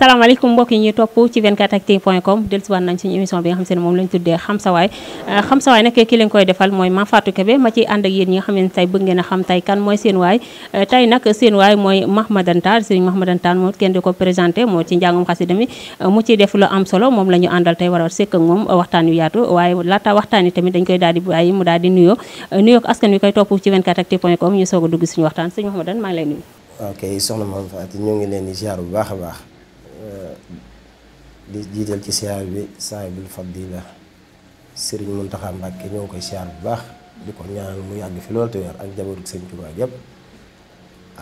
asalaamaaleykum mbokk yi ñu topp ci 24actu point com dellusiwaat nañ suñu émission bi nga xam ne moom lañ tuddee xam sa waay euh, mooy Mame Fatou Kébé ma ci ànd ak a xam tey kan mooy seen waay euh, kenn di ko présenté moo ci njàngum xasida mi euh, mu ciy def lu am solo moom la ñu àndal tey war a sekk ak moom waxtaan yu yaatu waaye waxtaan yi tamit dañ koy daal di bàyyi mu daal di nuyoo nuyoo askan koy topp ci point com ñu soog a dugg suñu waxtaan Serigne Mahmadane maa ngi lay nuyu ok soxna Mame Fatou ñu ngi leen di ziar bu baax a baax di jiital ci siyaar bi saahibul fadila sëriñ Muntaxa Mbàkke ñoo ngi koy siyaar bu baax di ko ñaanal mu yàgg fi loolu te weer ak jabarug sëñ Tuubaa gépp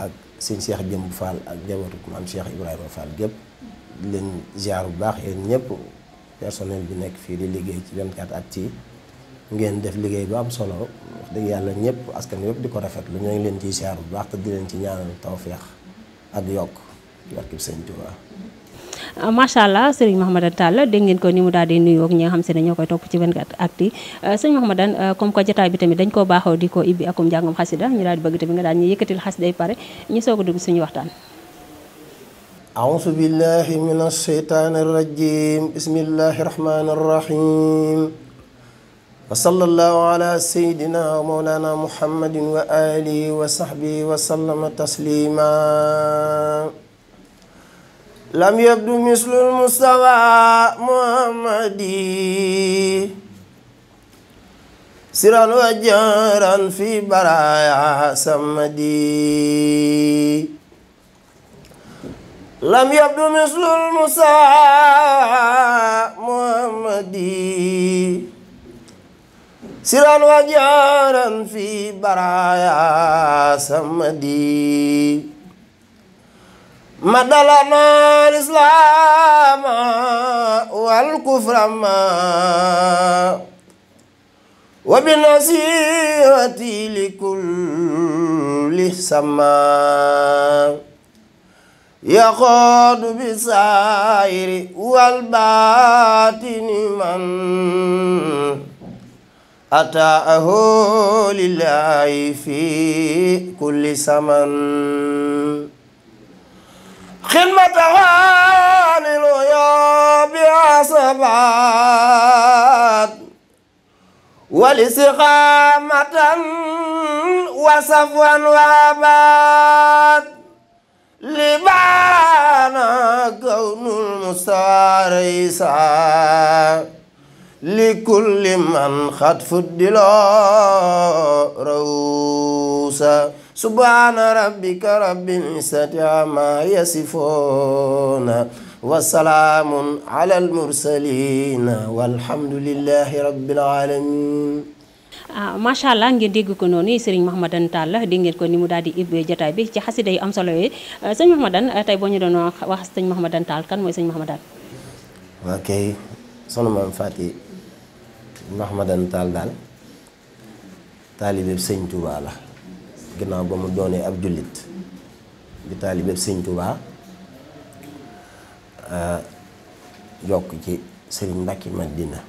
ak sëñ Jëmb Fall ak jabarug maam Cheikh Ibrahima Fall gépp di leen ziar bu baax yéen ñëpp personnel bi nekk fii di liggéey ci 24 at ci ngeen def liggéey bu solo dëgg yàlla ñëpp askan yëpp di ko rafetlu ñoo ngi leen ciy ziar bu baax te di leen ci ñaanal feex ak yokk barkib sëñ Tuubaa Ah, macha allah sëriñ Mahamadan Tall dégg ngeen ko ni mu daal di nuyu ak ñi xam se ne ñoo koy topp ci 24actu sëriñ Mahamadan comme que jotaay bi tamit dañ koo baaxoo di ko ibbi akum njàngum xasida ñu daal di bëgg tamit nga daal ñu yëkkatil xasida yi pare ñu soog a dugg suñu waxtaan aousu billahi min alsheytaani arrajim bismillahi rahmani arrahim wa sallallahu ala wa alihi wa wa sallama taslima لم يبدو مثل المستوى محمدي سرا وجهرا في برايا سمدي لم يبدو مثل المستوى محمدي سرا وجهرا في برايا سمدي مدلنا الإسلام والكفر ما وبنصيرة لكل سما يقود بسائر والباطن من أتاه لله في كل سمن خدمة عالل يا بعصبات والاستقامة وصفوا وابات لبانا كون المستوى ريسا لكل من خد فدلا روسا subhaana rabbika rabbil izzati ammaa yasifuuna wa salaamun alal mursaliina walhamdulillahi rabbil aalamiin ah allah ngeen dégg ko noonu sëriñ Mahmadane Tall dégg ngeen ko ni mu daal di ubbee jotaay bi ci xasida yu am solo yooyu sëñ Mahmadane wax sëñ Mahmadane Tall kan mooy sëñ Mahmadane. ok sunu maam Faty Mahmadane Tall daal taalibe sëñ Tuubaa ginnaaw ba mu doonee ab jullit di taalibeeb sëñ Tuubaa jokk eh, ci sëriñ Mbàkke Madina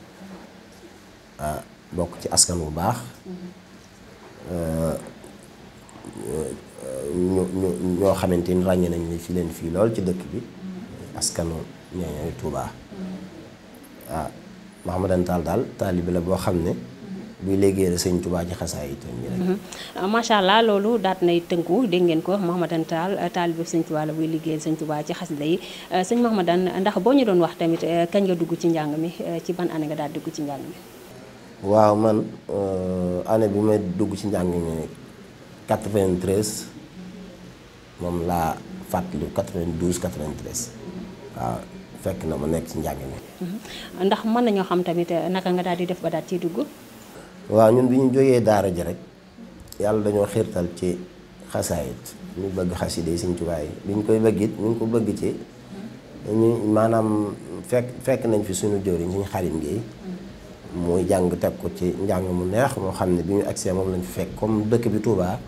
eh, bokk ci askan wu baax eh, ñu ñoo xamante ni ràññee nañ fi leen fii lool ci dëkk bi askanu ñooñu Tuubaa waaw Mahamadan Taal daal taalibe la boo xam ne buy liggéeyal sëñ Tuubaa ci xasaay itam ñi rek mm-hmm. ah, macha allah loolu daat nay tënku dégg ngeen ko Mahmadane Tall taalibe sëñ Tuubaa la buy liggéeyal sëñ Tuubaa ci xasida yi eh, sëñ Mahmadane ndax boo ñu doon wax tamit eh, kañ nga dugg ci njàng mi eh, ci ban année nga daal dugg ci njàng waaw man année bi may dugg ci njàng mi 93 moom laa fàttali 92 93 waaw fekk na ma nekk ci njàng mi mm-hmm. ndax mën ñoo xam tamit naka nga daal di def ba daal ciy dugg waaw ñun bi ñu jógee daara ji rek yàlla dañoo xiirtal ci xasaayit ñu bëgg xaside yi Sëñ Tuubaa yi bi ñu koy bëgg it ñu ngi ko bëgg ci ñu maanaam fekk fekk nañ fi suñu jëwriñ suñu xarit ngi muy jàng teg ko ci njàng mu neex moo xam ne bi ñu agsee moom lañ fi fekk comme dëkk bi Touba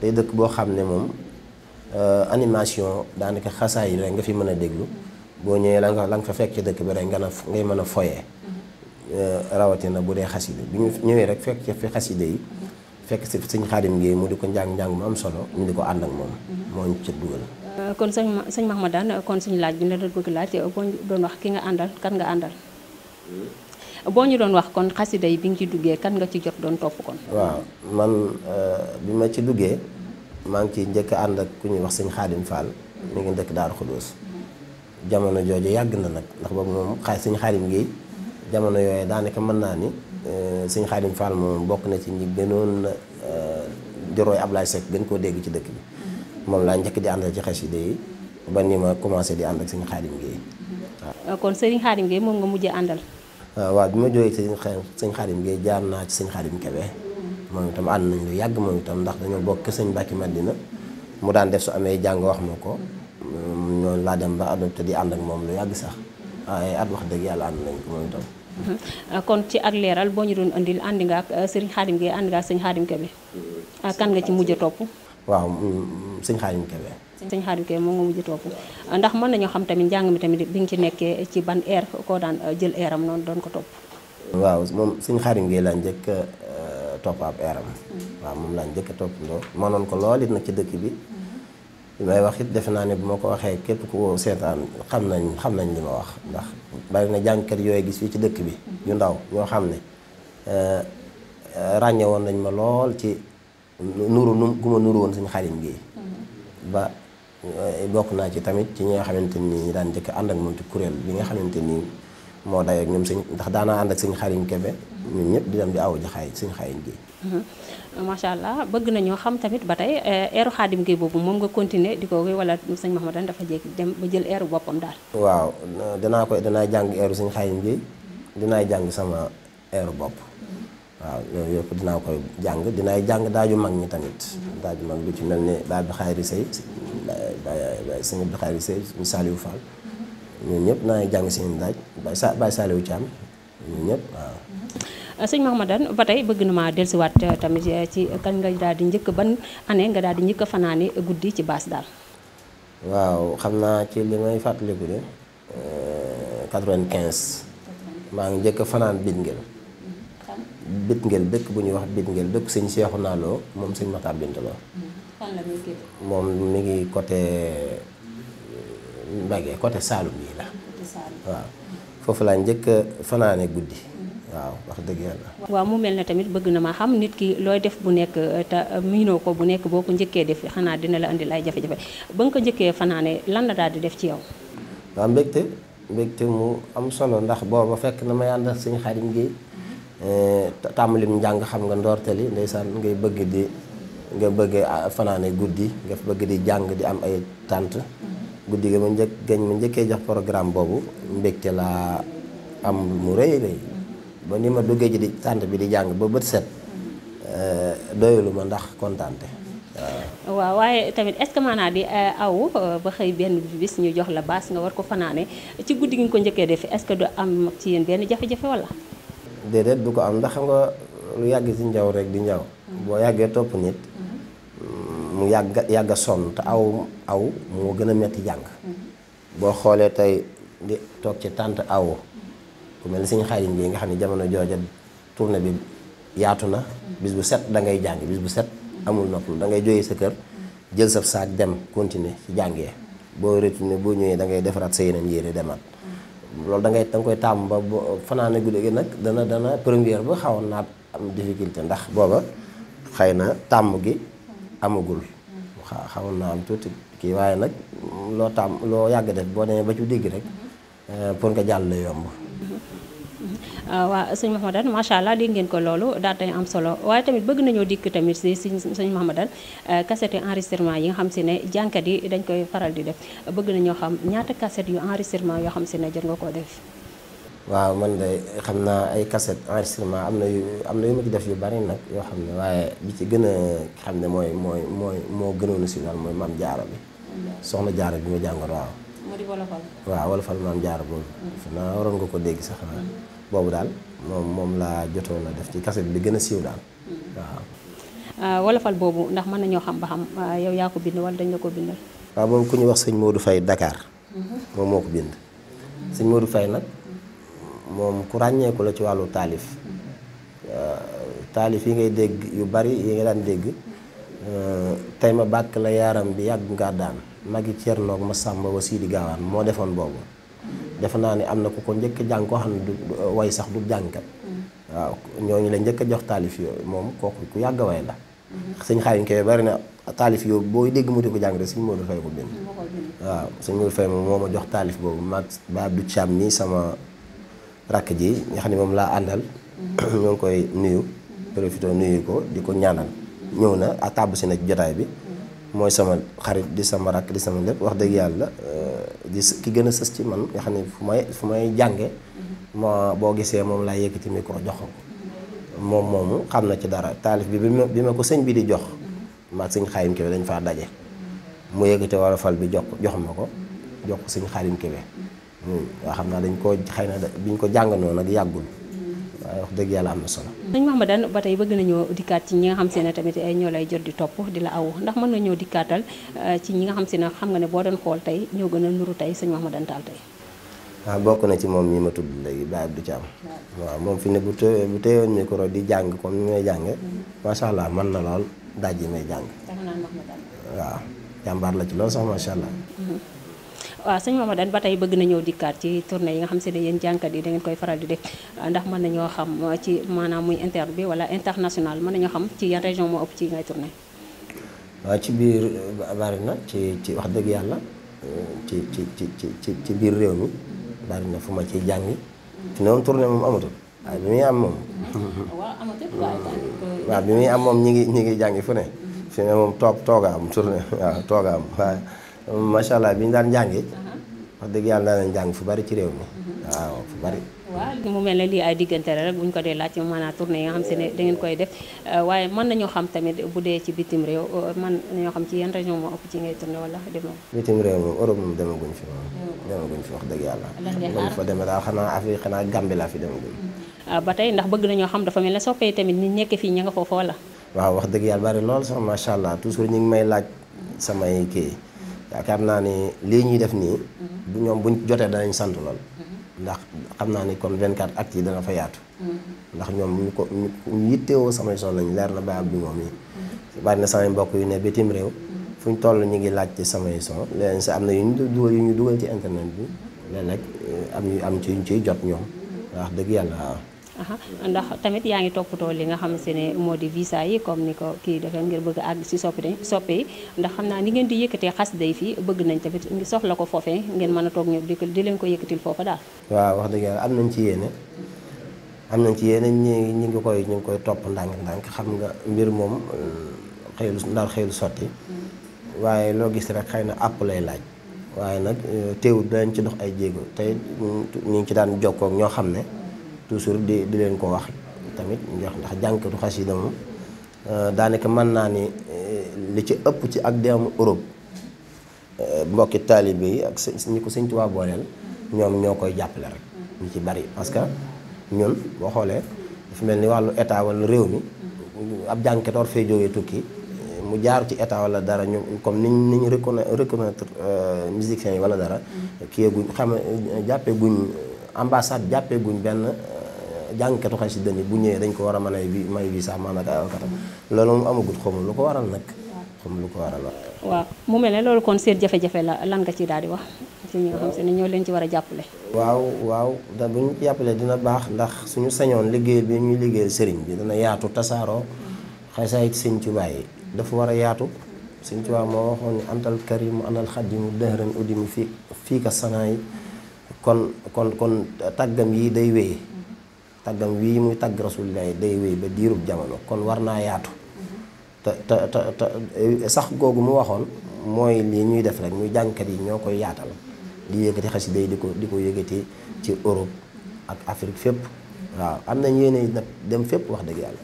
day dëkk boo xam ne moom euh, animation daanaka xasaay yi rek nga fi mën a déglu boo ñëwee la nga la nga fa fekk ci dëkk bi rek nga na ngay mën a foye Euh, rawatina bu dee xaside bi ñu ñëwee rek fekk ci fi xaside yi fekk si sëñ Xaadim Géey mu di ko njàng njàng mu am solo ñu di ko ànd ak moom moo ñu ca dugal euh, kon sëñ sëñ Mahmadane kon suñu laaj bi la doon bëgg laaj boo ñu ki nga àndal kan nga àndal hmm? ñu doon wax kon xasida yi bi nga ci duggee kan nga ci jot doon topp kon waaw man euh, bi ma ci duggee maa ngi ciy njëkk ànd ak ku ñuy wax sëñ Xaadim Fall mu ngi dëkk Daaru Xudoos hmm. jamono jooju yàgg na nag ndax boobu moom xaay sëñ Xaadim Géey jamono yooyu daanaka mën naa ni euh, sëñ Xaadim Fall moom bokk na ci ñi gënoon jorooy euh, laay Seck gën koo dégg ci dëkk bi mm-hmm. moom laa njëkk di àndal ci xasida yi ni ma commencé di ànd ak sëñ Xaadim Guèye waaw mm-hmm. euh, kon sëñ Xaadim Guèye moom nga mujjee àndal waaw bi ma jógee ci sëñ Xaadim Guèye jaar naa ci sëñ Xaadim Kebe mm-hmm. moom itam ànd nañ lu yàgg moom itam ndax dañoo bokk sëñ Bàkki Madina mu daan def su amee jàng wax ma ko noonu mm, laa dem ba adopté di ànd ak moom lu yàgg sax at wax dëgg yàlla ànd nañ ko moom itam Euh, kon ci ak leeral boo ñu doon indil àndi nga ak euh, sëriñ Xaadim Gueye bi nga euh, kan nga ci mujj a topp waaw sëñ Xaadim Kebe sëñ Xaadim Kebe moom nga mujj a topp ndax mën nañoo xam tamit njàng mi tamit bi nga ci nekkee ci ban air koo daan jël airam noonu doon ko topp waaw moom sëñ Xaadim Gueye laa njëkk topp ab airam mm. waaw moom laa njëkk a toppandoo mënoon ko lool it nag ci dëkk bi li may wax it defe naa ne bu ma ko waxee képp ku seetaan xam nañ xam nañ li ma wax ndax bari na jàngkat yooyu gis fii ci dëkk bi ñu ndaw ñoo xam ne euh, ràññe woon nañ ma lool ci nuru nu gu ma nuru woon suñu xarit gii ba euh, bokk naa ci tamit ci ñi nga xamante ni ñi daan njëkk ànd ak moom ci kuréel bi nga xamante nii moo day ñoom sëñ ndax daanaa ànd ak sëñ xariñ kebe ñun ñëpp di dem di aw ji xaay sëñ xariñ gi mhm. macha allah bëgg nañoo xam tamit ba tey eh, eeru xaadim gi boobu moom nga continuer di ko wala sëñ Mahamadan dafa jékki dem ba jël eeru boppam daal waaw danaa koy danaa jàng eeru sëñ xariñ gi dinaay jàng sama eeru bopp waaw yooyu yëpp dinaa koy jàng dinaay jàng daaju mag ñi tamit mhm. daaju mag lu ci mel ni daal bi xayri sëy sëñ bi xayri sëy sëñ Saliou ñun ñëpp naa ngi jàng seen daaj Baye Sa Baye Saliou Thiam ñun ñëpp waaw. Mm-hmm. sëñ Mahmadane ba tey bëgg na maa dellusiwaat euh, tamit euh, ci kañ nga daal di njëkk ban ane nga daal di njëkk a fanaane guddi ci baas daal. waaw xam naa ci li may fàttaliku de 95. Euh, maa ngi njëkk a fanaan Bitngel. Mm-hmm. Bitngel dëkk bu ñuy wax Bitngel dëkk sëñ Seexu Naaloo moom sëñ ma Binta mm-hmm. la. moom mi ngi côté. Mbàkke côté Saalum yi la waaw foofu laa njëkk fanaane guddi waaw wax dëgg yàlla. waaw mu mel na tamit bëgg na ma xam nit ki looy def bu nekk euh, te euh, miinoo ko bu nekk boo ko njëkkee def xanaa dina la andil ay jafe-jafe ba nga ko njëkkee fanaane lan na daal di def ci yow. waaw mbégte mbégte mu am solo ndax booba fekk na may ànd ak suñu xarit gi euh, tàmmalim njàng xam nga ndoortali ndeysaan ngay bëgg di nga bëgg ah, fanaane guddi nga bëgg di jàng di am ay tànt guddi gi ma njëkk gañ ma njëkkee jox programme boobu mbégte laa am mu rëy rëy ba ni ma duggee ji di tànt bi di jàng ba bët set euh, doyulu ma ndax kontaante waaw waaye tamit est-ce que di euh, aw euh, ba xëy benn bis ñu jox la baas nga war ko fanaane ci guddi gi nga ko njëkkee def est-ce que du am ci yéen benn jafe-jafe walla déedéet du ko am ndax xam nga lu yàgg ci njaw rek di njaw mm. boo yàggee topp nit mu yàgg yàgg a sonn te aw aw moo gën a metti jàng boo xoolee tey toog ci tànt aw ku mel ni suñu xarit bi nga xam ne jamono jooja tournée bi yaatu na bis bu set da ngay jàng bis bu set amul nopplu da ngay jógee sa kër jël sa saak dem continuer ci jàngee boo ne boo ñëwee da ngay defaraat sa yeneen yére demaat loolu da ngay da koy tàmm ba fanaane guddi gi nag dana dana première ba xawoon naat am difficulté ndax booba xëy na tàmm gi amagul xawoon naa am tuuti kii waaye nag loo taam loo yàgg def boo demee ba ju digg rek euh, pour nga jàll la yomb ah, waaw sëñ Mahamadan macha allah dégg ngeen ko loolu daal tey am solo waaye tamit bëgg nañoo dikk tamit si si sëñ Mahamadan euh, cassette enregistrement yi nga xam si ne jànkat yi dañ koy faral di def bëgg nañoo xam ñaata cassette yu enregistrement yoo xam si ne jël nga koo def waaw man de xam naa ay cassette enregistrement am na yu am na yu ma ci def yu bari nag yoo xam ne waaye bi ci gën a xam ne mooy mooy mooy moo gënoon a si mooy maam jaara bi soxna jaara bi ma waaw wolofal maam jaara boobu mm. naa waroon ko dégg sax mm. boobu daal moom moom laa jotoon a def ci cassette bi gën a siiw daal mm. waaw ah, boobu ndax mën nañoo xam ba xam ah, yow yaa ko bind wala dañ la ko bindal waaw moom ku ñu wax sëñ moo du fay dakaar mm-hmm. moom moo ko bind sëñ Modou fay nag moom ku ràññeeku la ci wàllu taalif euh, taalif yi ngay dégg yu bari yi nga daan dégg euh, tey ma bàkk la yaaram bi yàgg nga daan magi Cernoog ma sàmba wa Sidi Gaawaan moo defoon boobu defe naa ni am na ku ko njëkk a jàng koo xam ne du way sax du jàngkat waaw ñooñu la njëkk jox taalif moom kooku ku yàgg way la sëñ xaayiñ bari na taalif yooyu booy dégg mu di ko jàng rek suñ Modou Faye ko bind waaw suñ Modou Faye moom moo ma jox taalif boobu mag ba du Thiam nii sama rakk ji nga ni moom laa àndal mhm. ñoo ngi koy nuyu mhm. profité nuyu ko di ko ñaanal ñëw na ak tàbb si na ci jotaay bi mhm. mooy sama xarit di sama rakk di sama lépp wax dëgg yàlla euh, di ki gën a sës ci man nga xam ne fu may fu may jànge ma boo gisee moom laay yëkkati micro jox ko moom moomu xam na ci dara taalif bi bi ma ko sëñ bi di jox ma sëñ xaalim kebe dañ fa daje mu yëkkati war fal bi jox jox ma ko jox ko sëñ xaalim kebe waa xam naa dañ koo xay na biñ ko jàngandoo nag yàggul waaye wax dëgg yàlla am na solo. sëñ Mahmadane ba tey bëgg nañoo dikkaat ci ñi nga xam se ne tamit eh, ñoo lay jot di topp di la aw ndax mën nañoo dikkaatal eh, ci ñi xam se ne xam nga ne boo doon xool tey ñoo gën a nuru tey sëñ Mahmadane Tall tey. waaw ah, bokk na ci moom ñi ma tudd léegi Baye Abdou Thiam. waaw moom fi ne bu tee bu teewoon micro di jàng comme ni may jàngee. macha allah mën na lool daaj yi may jàng. waaw la ci lool sax allah. Mm-hmm. waaw sëñ Mamadane ba tey bëgg na ñëw dikkaat ci tournée yi nga xam se ne yéen jànkat yi da ngeen koy faral di def ndax mën nañoo xam ci maanaam muy interne bi wala international mën nañoo xam ci yan région moo ëpp ci biir bari na ci ci wax dëgg yàlla ci ci ci ci ci biir réew mi bari fu ma ci jàngi fi noonu tournée moom amatul waaw bi muy am moom ñi ngi ñi ngi jàngi fu ne fi ne moom toog toogaam tournée waaw toogaam macha allah bi ñu daan jàngee uh-huh. wax dëgg yàlla daan nañ jàng fu bari ci réew mi uh-huh. waaw fu bari. waaw mu mel ne lii ay diggante rek bu ñu ko dee laaj maanaam tournée yi nga xam se ne dangeen koy def uh, waaye mën nañoo xam tamit bu dee ci bitim réew uh, mën nañoo xam ci yan région moo ëpp ci ngay tourné wala demoo. bitim réew fi moom. fi wax dëgg yàlla. lan ngeen aar fa xanaa Afrique xanaa Gambie laa fi demaguñ. Uh-huh. Uh, ba tey ndax bëgg nañoo xam dafa mel ne soppee tamit ñi nekk fii ñu nga foofu wala. waaw wax dëgg yàlla bari lool sax macha allah toujours ñu ngi may laaj samay kii yaakaar naa ne lii ñuy def nii. bu mhm. ñoom buñ jotee danañ sant lool. Mhm. ndax xam naa ni kon 24 actu yi dana fa yaatu. Mhm. ndax ñoom ñu ko ñu yittewoo samay soxla lañ leer na Baye Abdou moom yi. bari na samay mbokk yu ne bitim réew. fu ñu toll ñu ngi laajte samay son leneen si am na yu ñu dugal yu ñu dugal ci internet bi léeg-léeg eh, am yu am ci yu ñu ciy jot ñoom wax dëgg yàlla waaw. ndax tamit yaa ngi toppatoo li nga xamante ne moo di visa yi comme ni ko kii defee ngir bëgg àgg si soppite soppe yi ndax xam naa ni ngeen di yëkkatee xas day fii bëgg nañ tamit ngi soxla ko foofee ngeen mën a toog ñëpp di di leen ko yëkkatil foofa daal waaw wax dëgg am nañ ci yéene am nañ ci yéene ñi ñi ngi koy ñu ngi koy topp ndànk-ndànk xam nga mbir moom xëylu ndaal xëylu sotti waaye loo gis rek xëy na àpp lay laaj waaye nag teewul danañ ci dox ay jéego tey ñu ngi ci daan jokkook ñoo xam ne toujours di di leen ko wax tamit ndax ndax jànkatu xasida moom euh, daanaka mën naa ni euh, li ci ëpp ci ak deemu Europe euh, mbokki taalibe yi ak ñi ko sëñ Tuubaa booleel ñoom ñoo koy jàppale rek ñu ci bari parce que ñun boo xoolee dafa mel ni wàllu état wala réew mi ab jànkatoor fee jógee tukki mu jaar ci état wala dara ñu comme ni ñu ni ñu reconnaître musiciens yi wala dara kii guñ xam jàppee guñ ambassade jàppee guñ benn jàngkatu si ni bu ñëwee dañ ko war a mën a bi may bi sax maanaam ay katam loolu moom amagut xamul lu ko waral nag xamul lu ko waral waaw mu mel ne loolu kon seen jafe-jafe la lan nga ci daal di wax ci ñi xam se ne ñoo leen ci war a jàppale waaw waaw da bu ñu jàppale dina baax ndax suñu sañoon liggéey bi ñuy liggéeyal sëriñ bi dana yaatu tasaaroo xasaayit sëñ Tuubaa yi dafa war a yaatu sëñ Tuubaa moo waxoon ne antal karimu anal xadimu dëhëran udimi fii fii ka sanaa yi kon kon kon tàggam yi day wéye taggam wii muy tagg rasulillahi day wéy ba diirub jamono kon war naa yaatu te te te eh, sax googu mu waxoon mooy lii ñuy def rek muy jàngkat yi ñoo koy yaatal di yëkkati xasida yi di ko di ko yëkkati ci Europe ak Afrique fépp waaw am nañ yéene nag dem fépp wax dëgg yàlla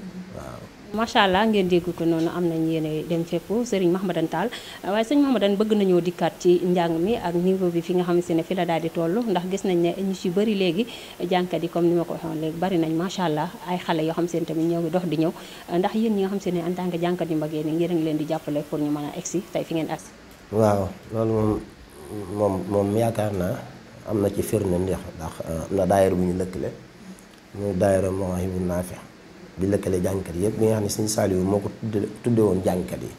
macha allah ngeen dégg ko noonu am nañ yéene dem fépp Serigne Mahamadan Tall waaye Serigne Mahamadan bëgg nañoo dikkaat ci njàng mi ak niveau bi fi nga xamante ne fi la daal di toll ndax gis nañ ne ñu ci bëri léegi jànkat yi comme ni ma ko waxoon léegi bari nañ macha allah ay yoo xam seen tamit ñoo ngi dox di ñëw ndax yéen ñi nga xam se ne en que jànkat yu mag yéen ngeen a ngi leen di jàppale pour ñu mën a egsi tey fi ngeen agsi waaw loolu moom moom moom yaakaar naa am na ci firnde ndax ndax euh, am na daayira bu ñu lëkkale muy daayira Mawahibou Nafi di lëkkalee jàngkat yëpp li nga xam ne sëñ Saliou moo ko tuddee woon jàngkat yi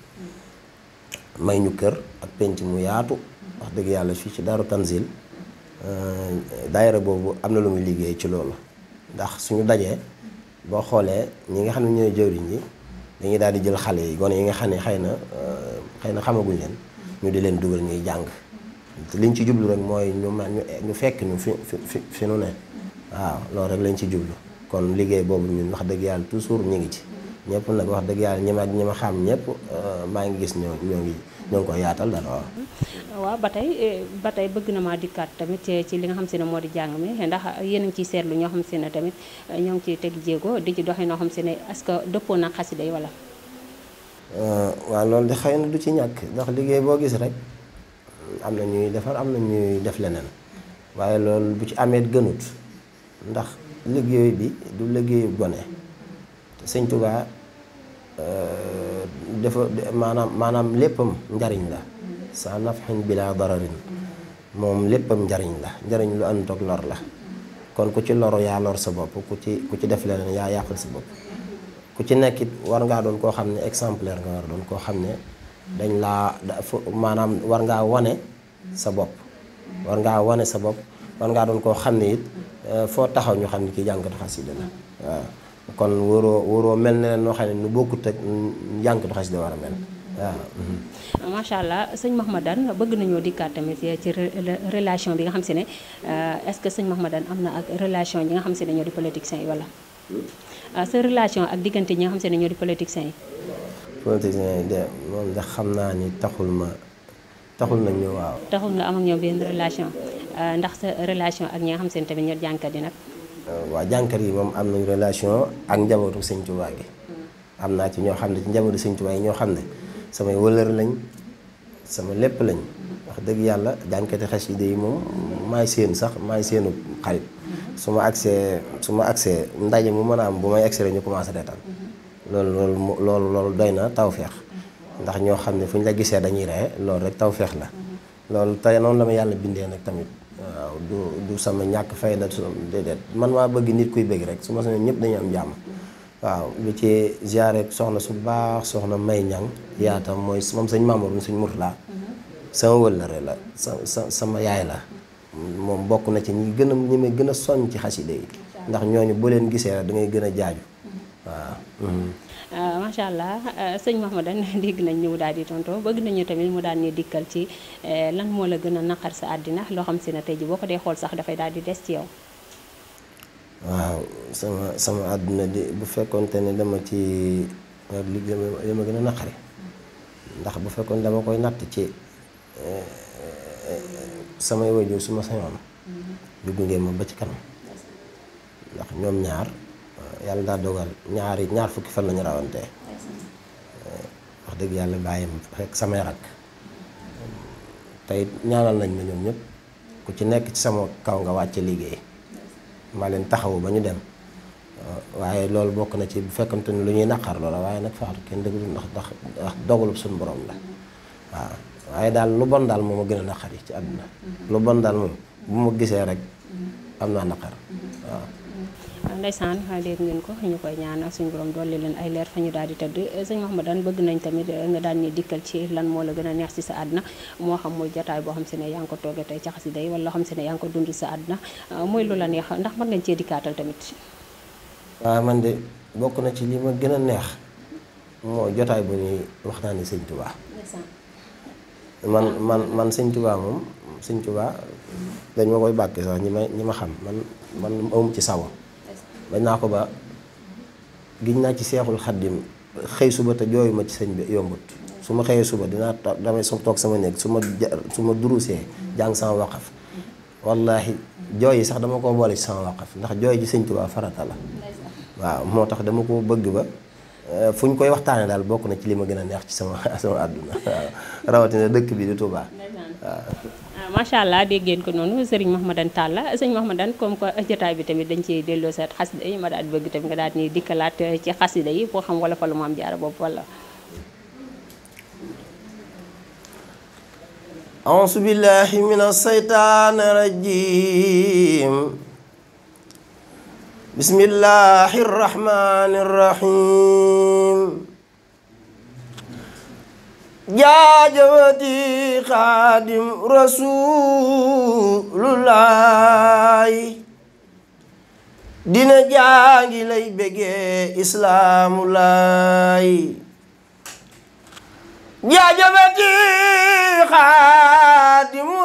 may ñu kër ak penc mu yaatu wax dëgg yàlla fii ci Daaru Tanzil euh, daayira boobu am na lu muy liggéey ci loolu ndax suñu dajee boo xoolee ñi nga xam ne ñooy jëwriñ yi dañuy daal di jël xale yi gone yi nga xam ne xëy na euh, xëy na xamaguñ leen ñu di leen dugal ñuy jàng liñ ci jublu rek mooy ñu ma ñu fekk ñu fi fi fi nu ne waaw loolu rek lañ ci jublu kon liggéey boobu ñu wax dëgg yàlla toujours ñu ngi ci ñëpp nag wax dëgg yàlla ñi ñu ñi ma xam ñëpp euh, maa ngi gis ñoo ñoo ngi ñoo ngi ko yaatal dara waaw. Mm-hmm. waaw ba tey eh, ba tey bëgg na maa dikkaat tamit ci li nga xam si ne moo di jàng mi ndax yéen a ngi ciy seetlu ñoo xam si ne tamit eh, ñoo ngi ciy teg jéego di ci doxee noo xam si ne est-ce que dëppoo na xasida yi wala. Euh, waaw loolu de xëy na du ci ñàkk ndax liggéey boo gis rek mm, am na ñuy defar am na ñuy def leneen mm-hmm. waaye ci amee gënut ndax. liggéey bi du liggéeyu bone sëñ Tuubaa euh, dafa maanaam maanaam léppam njariñ la sa nafxin bila dararin moom léppam njariñ la njariñ lu ànd ak lor la kon ku ci loro yaa lor sa bopp ku ci ku ci def leneen yaa yàqal sa bopp ku ci nekkit war ngaa doon koo xam ne exemplaire nga war doon koo xam ne dañ laa maanaam war ngaa wane sa bopp war ngaa wane sa bopp man ngaa doon koo xam ne it euh, foo taxaw ñu xam ne kii jànkatu xasida la waaw kon waroo waroo mel ne noo xam ne nu bokkut ak jànkatu xasida war a mel waaw. Mhm. macha allah sëñ bëgg nañoo dikkaat tamit ci relation bi nga xam si ne euh, est-ce que sëñ Mahmadane am na ak relation yi nga xam si ne ñoo di politiciens yi wala ah, sa relation ak diggante ñi nga xam si ne ñoo di politiciens yi. politiciens yi de moom de xam naa ni taxul ma. taxul nag ñëw waaw. taxul nga am ak ñoom benn relation euh, ndax sa relation ak ñi nga xam seen tamit ñoo jànkat yi nag. Euh, waaw jànkat yi moom am nañu relation ak njabootu sëñ Tuubaa hmm. am naa ci ñoo xam ne ci njabootu sëñ yi ñoo xam ne samay wëlër lañ sama lépp lañ hmm. wax dëgg yàlla jànkati xasida yi moom maay seen sax maay seenu xarit hmm. su ma agsee su ma agsee ndaje mu mën a am bu may agsee rek ñu commencé reetaan loolu loolu loolu doy na tawfeex ndax ñoo xam ne fu ñu la gisee dañuy ree loolu rek taw feex la loolu tey noonu la ma yàlla bindee nag tamit waaw du sama ñàkk fayda su déedéet man maa bëgg nit kuy bëgg rek su ma sañoon ñëpp dañu am jàmm waaw lu ci ziare soxna su baax soxna may ñang yaatam mooy moom sëñ Mamour sëñ Mourtala sama wëllëre la sa sa sama yaay la moom bokk na ci ñi gën a ñi may gën a soññ ci xaside yi ndax ñoo ñu bu leen gisee da ngay gën a jaaju waaw Euh, macha allah euh, sëñ Mahmadane dégg nañ ñëw daal di tonto bëgg nañu tamit mu daal ñu dikkal ci euh, lan moo la gën a naqar sa àddina loo xam si ne tey ji boo ko dee xool sax dafay daal di des ci yow. waaw sama sama àdduna di bu fekkonte ne dama ci li ma gën a naqari ndax bu fekkoon dama koy natt ci samay wajur suma sañoon. ñu mm-hmm. gunge ma ba ci kanam ndax ñoom ñaar. yàlla daal dogal ñaari ñaar fukki fan lañu rawante wax dëgg yàlla bàyyi rek samay rakk tey ñaanal nañ ma ñoom ñëpp ku ci nekk ci sama kaw nga wàcce liggéey maa leen taxawu ba ñu dem waaye loolu bokk na ci bu fekkante ni lu ñuy naqar loola waaye nag faatu kenn dëggul ndax ndax ndax dogalub suñu borom la waaye daal lu bon daal moom a gën a naqar yi ci àdduna lu bon daal moom bu ma gisee rek am naa naqar waaw saan ndeysaan dégg ngeen ko ñu koy ñaan suñu borom dolli leen ay leer fa ñu daal di tëdd eh, sëñ Mahamadan bëgg nañ tamit eh, nga daan ñuy dikkal ci lan moo la gën a neex si sa àdduna moo xam muy jataay boo xam si ne yaa ngi ko toogee tey caxasi day wala loo xam si ne yaa ngi ko dund sa àdduna eh, muy lu la neex ndax mën ngañ cee dikkaatal tamit waaw man de bokk na ci li ma gën a neex moo jotaay bu ñuy waxtaane sëñ Tuubaa man man sëñ Tuubaa moom sëñ Tuubaa dañ ma koy bàkke sax ñi ma ñi ma xam man man um ci sawo bañ naa ko ba giñ naa ci seexul xaddim xëy suba te jooyuma ci sëñ bi yombut su ma xëyee suba dinaa damay su toog sama néeg su ma su ma durusee jàng sama waqaf wallaahi jooy yi sax dama koo boole ci sama waqaf ndax jooy ci sëñ Tuubaa farata la waaw moo tax dama ko bëgg ba euh, fu ñu koy waxtaanee daal bokk na ci li ma gën a neex ci sama sama àdduna waaw rawatina dëkk bi di Tuubaa macha allah dégg ngeen ko noonu sëriñ Mahmadan Talla sëriñ Mahmadan comme que jotaay bi tamit dañ ciy delloo seet xasida yi ma daal bëgg tamit nga daal ni dikkalaat ci xasida yi boo xam wala fa lu maam jaara bopp wala أعوذ بالله من الشيطان الرجيم بسم الله الرحمن الرحيم jaajëwati xaadim rasulullahi dina jaangi lay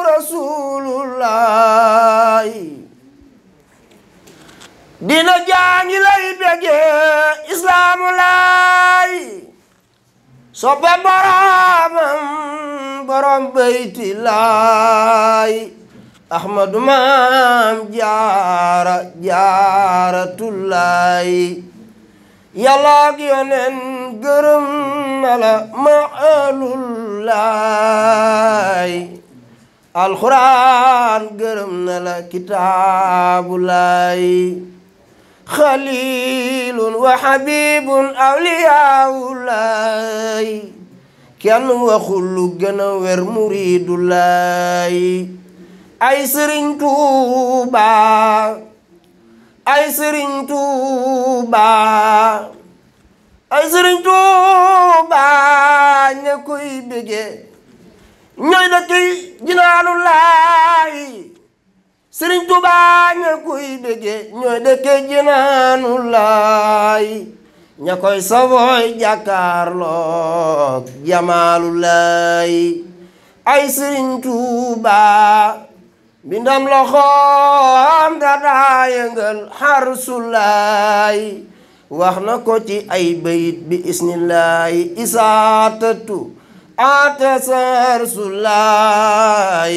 rasulullahi dina jaangi lay bégee islaamulaay soppe boroomam borom bayti laay ahmadu maam jaara jaaratullaay yàllaak yoneen alxuraan gërëm na xaliilun wa xabiibun awliyaawulaay kenn waxul lu gën a wér muriidulaay ay sëriñ tuuba ay sëriñ tuuba ay sëriñ tuuba ña koy bége ñooy da koy jinaanu laay sëriñ Tuubaa ña koy bége ñooy dëkke jinaanu laay ña koy savoy jàkkaarloog jamaalu ay sëriñ Tuubaa bindam loxoom da daa yëngal xarsu laay wax na ko ci ay bayit bi isnillahi isaatatu atasarsu laay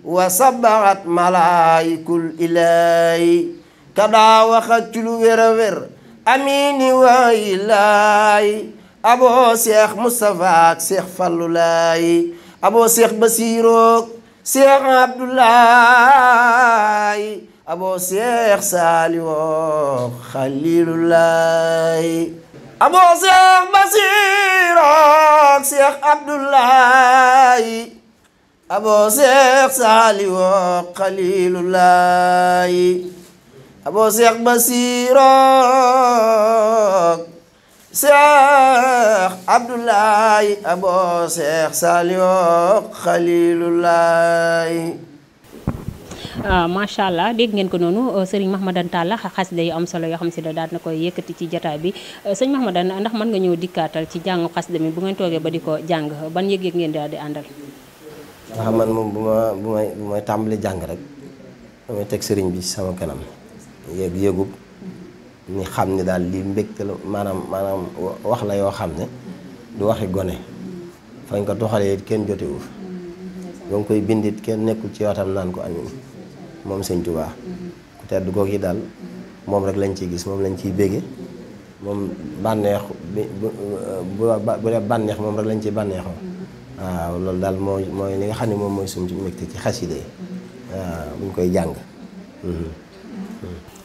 wa sabaxat malaayikul ilaay kadaa waxat ci lu wér amiini waayi laay aboo seex Moustapha ak seex Fallu laay aboo seex Basiiroog seex Abdoulaay aboo seex Saaliwoog abo seex saaliwo xaliilulaayi abo seex basiirook seex abdulaayi abo seex saaliwo xaliilulaayi ah, macha allah dégg ngeen ko noonu euh, sëriñ Mahmadane Tall xasida yu am solo yoo xam si ne daal na koy yëkkati ci jataay bi euh, sëñ Mahmadane ndax mën nga ñëw dikkaatal ci jàngu xasida mi bu ngeen toogee ba di ko jàng ban yëg-yëg ngeen daal di àndal ndax man moom bu ma bu may tàmbali jàng rek damay teg sëriñ bi sama kanam yéeg yéegub ni xam ni daal lii mbégte la maanaam maanaam wax la yoo xam ne du waxi gone fañ ko doxalee kenn jotewu ba nga koy bindit kenn nekkul ci watam naan ko amin moom sëñ Tuubaa ku tedd kook yi daal moom rek lañ ciy gis moom lañ ciy bége moom bànneexu bi bu bu bànneex moom rek lañ ciy bànneexoo waaw loolu daal mooy mooy li nga xam ne moom mooy suñu mbégte ci xasida yi waaw buñ koy jàng. Mhm.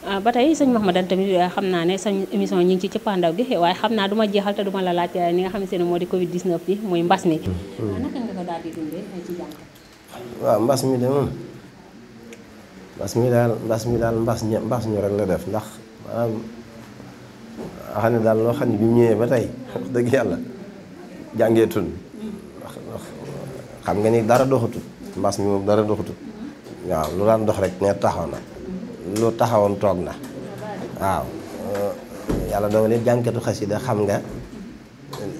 Ah, ba tey sëñ Mahmadan tamit ah, xam naa ne sëñ émission ñi ngi ci cëppaandaw waaye xam naa du ma jeexal te du ma la ni ah, nga xamante ne moo di Covid 19 bi muy mbas mi. Mhm. naka nga ko daal di dundee mbas mi de moom mbas mi daal mbas mi daal mbas ñu rek la def ndax maanaam xam ne daal loo xam ne bi mu ñëwee ba tey dëgg yàlla jàngeetun xam nga ni dara doxatut mbas mi moom dara doxatut waaw lu daan dox rek ne taxaw na lu taxawoon toog na waaw euh, yàlla dogal it jànkatu xasida xam nga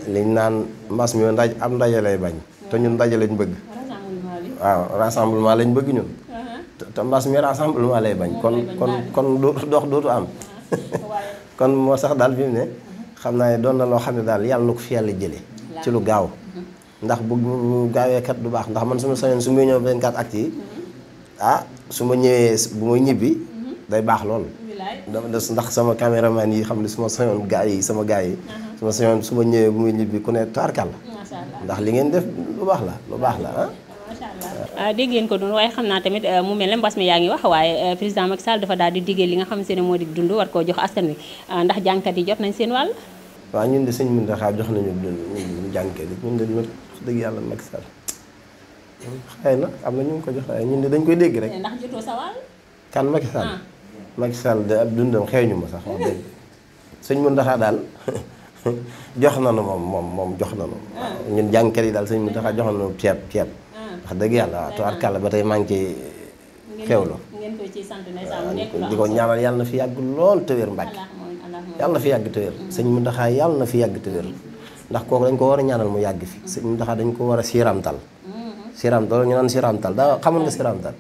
liñ naan mbas mi ndaj am ndaje lay bañ te ñun ndaje lañ bëgg waaw rassemblement lañ bëgg ñun te mbas mi rassemblement lay bañ kon kon kon dox dootu am kon moo sax daal fi mu ne xam naa ne doon na loo xam ne daal yàlla na ko fi yàlla jële ci lu gaaw ndax bu gaawee kat du baax ndax man su ma sañoon su may ñëw 24 actu yi ah su ma ñëwee bu muy ñibbi mhm. day baax lool. ndax sama caméraman yi xam ne suma ma sañoon gaa yi sama gaa yi. Uh-huh. su ma sañoon su ma ñëwee bu ma ñibbi ku ne taarkal ndax li ngeen def lu baax la lu baax la ah. ah dégg ngeen ko dund waaye xam naa tamit euh, mu mel ne mbas mi yaa ngi wax waaye euh, président Macky Sall dafa daal di diggee li nga xam ne moo di dund war koo jox askan wi ah, ndax jàngkat yi jot nañ seen wàll. waaw ñun de sëñ Mountakha jox nañu dund ñun jàngkat yi ñun dëgg yàlla Macky Sall na am na ñu ngi ko jox waaye ñun dañ koy dégg rek. ndax jotoo sa wàll. kan Macky Sall. Ah. Macky Sall de dundam xeeñu ma sax wax dëgg sëñ Mountakha daal jox na nu moom moom jox na nu. Ah. ñun jàngkat yi daal sëñ Mountakha jox na nu ceeb ceeb. Ah. wax dëgg yàlla waaw tuwaat kàlla ba tey maa ngi ciy xewlu. di ko ñaanal yàlla na fi yàgg lool te wér Mbàkke. yàlla na fi yàgg te wér. sëñ Mountakha yàlla na fi yàgg te ndax kooku dañ ko war a ñaanal mu yàgg fi sëñ Muntaxa dañ koo war a siiramtal siiramtal ñu naan siiramtal daa xamal nga siiramtal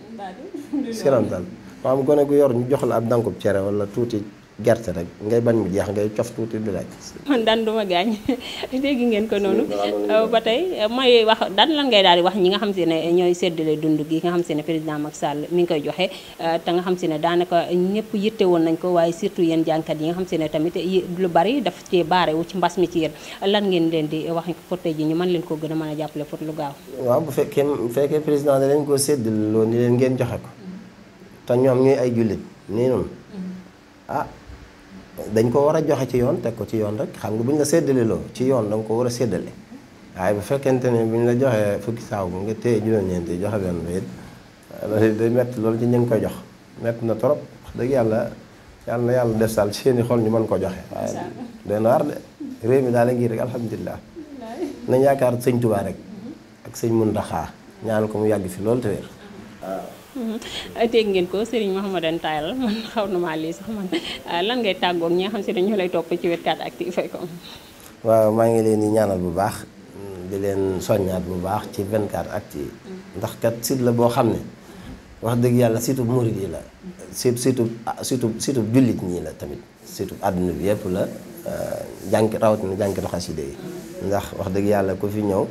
siiramtal maam gone gu yor ñu jox la ab dankub cere walla tuuti gerte rek ngay bañ mu jeex ngay cof tuuti di laaj. man daan du gaañ dégg ngeen ko noonu ba tey eh, mooy wax daan lan ngay daal di wax ñi nga xam si ne ñooy séddale dund gi nga xam si ne président Macky Sall mi ngi koy joxe eh, te xam si ne daanaka ñëpp yitte woon nañ ko waaye surtout yéen jànkat yi nga xam si ne tamit lu bari daf cee baarewu ci mbas mi ci yéen lan ngeen leen di wax pour tey ji ñu man leen koo gën a mën a jàppale pour lu gaaw. waaw bu fekkee bu fekkee président da koo séddale loolu ni leen ngeen joxe ko mm-hmm. te ñoom ñuy ay jullit nii noonu mm-hmm. ah, dañ ko war a joxe ci yoon teg ko ci yoon rek xam nga bu ñu la séddale loo ci yoon da ko war a séddale waaye bu fekkente ne bu ñu la joxee fukki saabu nga téye juróom-ñeent yi joxe benn ba it loolu loolu ci ñu ngi koy jox métti na trop dëgg yàlla yàlla yàlla def saal seeni xol ñu mën ko joxe. waaye doy na waar de réew mi daal ngi rek alhamdulilah. nañ yaakaar sëñ Tuubaa rek. Mhm. ak sëñ Muntaxaa ñaan ko mu yàgg fi loolu te teg ngeen ko Serigne Mouhamadane Tall man xaw na maa lii sax man ah, lan ngay tàggoog ñi nga xam si ne lay topp ci 24actu yi fay ko. waaw maa ngi leen di ñaanal bu baax di leen soññaat bu baax ci 24actu yi ndax kat site la boo xam ne wax dëgg yàlla site bu murid yi la site site site site bu jullit la tamit site bu bi yëpp la euh, jànki rawatina jànkatu xasida yi ndax wax dëgg yàlla ku fi ñëw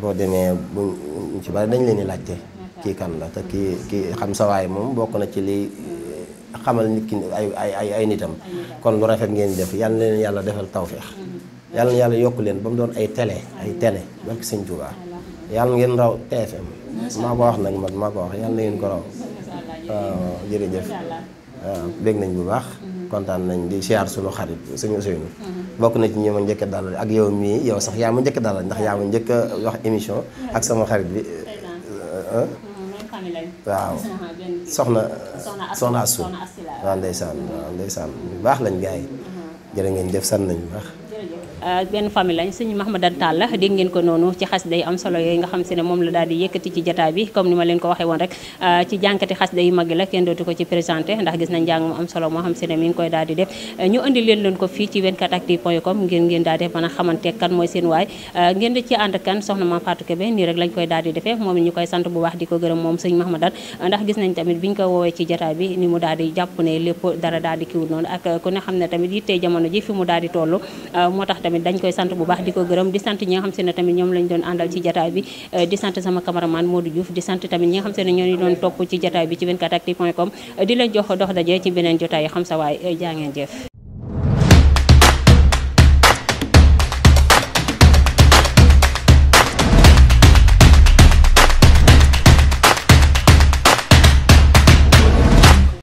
boo demee buñ ci bari dañ leen di laajte. kii kan la te kii kii xam sa waaye moom bokk na ci li eh, xamal nit ki ay ay ay nitam kon lu rafet ngeen def yal na yàlla defal tawféex yal na yàlla yokk leen ba mu doon ay télé ay télé barki sëñ Tuubaa yàlla ngeen raw TFM maa ko wax nag man maa ko wax yàlla na ngeen ko raw jërëjëf waaw bég nañ bu baax kontaan nañ di siyaar suñu xarit suñu Ousseynou bokk na ci ñi ma njëkk a ak yow mii yow sax yaa ma njëkk a ndax yaa ma njëkk a wax émission ak sama xarit bi eh, eh, waaw soxna soxna Astou waaw ndeysaan waaw ndeysaan uh-huh. bu baax lañ gars yi ngeen def san nañ bu baax Euh, benn famille lañ suñu Mahamadan Tall la dégg ngeen ko noonu ci xasida yi am solo yooyu nga xam si ne moom la daal di yëkkati ci jataay bi comme ni ma leen ko waxee woon rek euh, ci koy daal di euh, a xamante kan mooy seen waay ngeen di ci ànd kan soxna Mame Fatou Kébé nii rek lañ koy jataay bi ni mu daal jàpp ne lépp dara daal di kiwul noonu ak ku ne xam ne tamit yittee jamono ji fi mu daal di toll moo tax tamit dañ koy sant bu baax di ko gërëm di sant ñi nga xam se ne tamit ñoom lañ doon àndal ci jataay bi euh, di sant sama cameraman Modou Diouf di sant tamit ñi nga xam se ne ñoo ñu doon topp ci jataay bi ci 24actu point com di leen jox dox daje ci beneen jotaay xam sa waay euh, jaa ngeen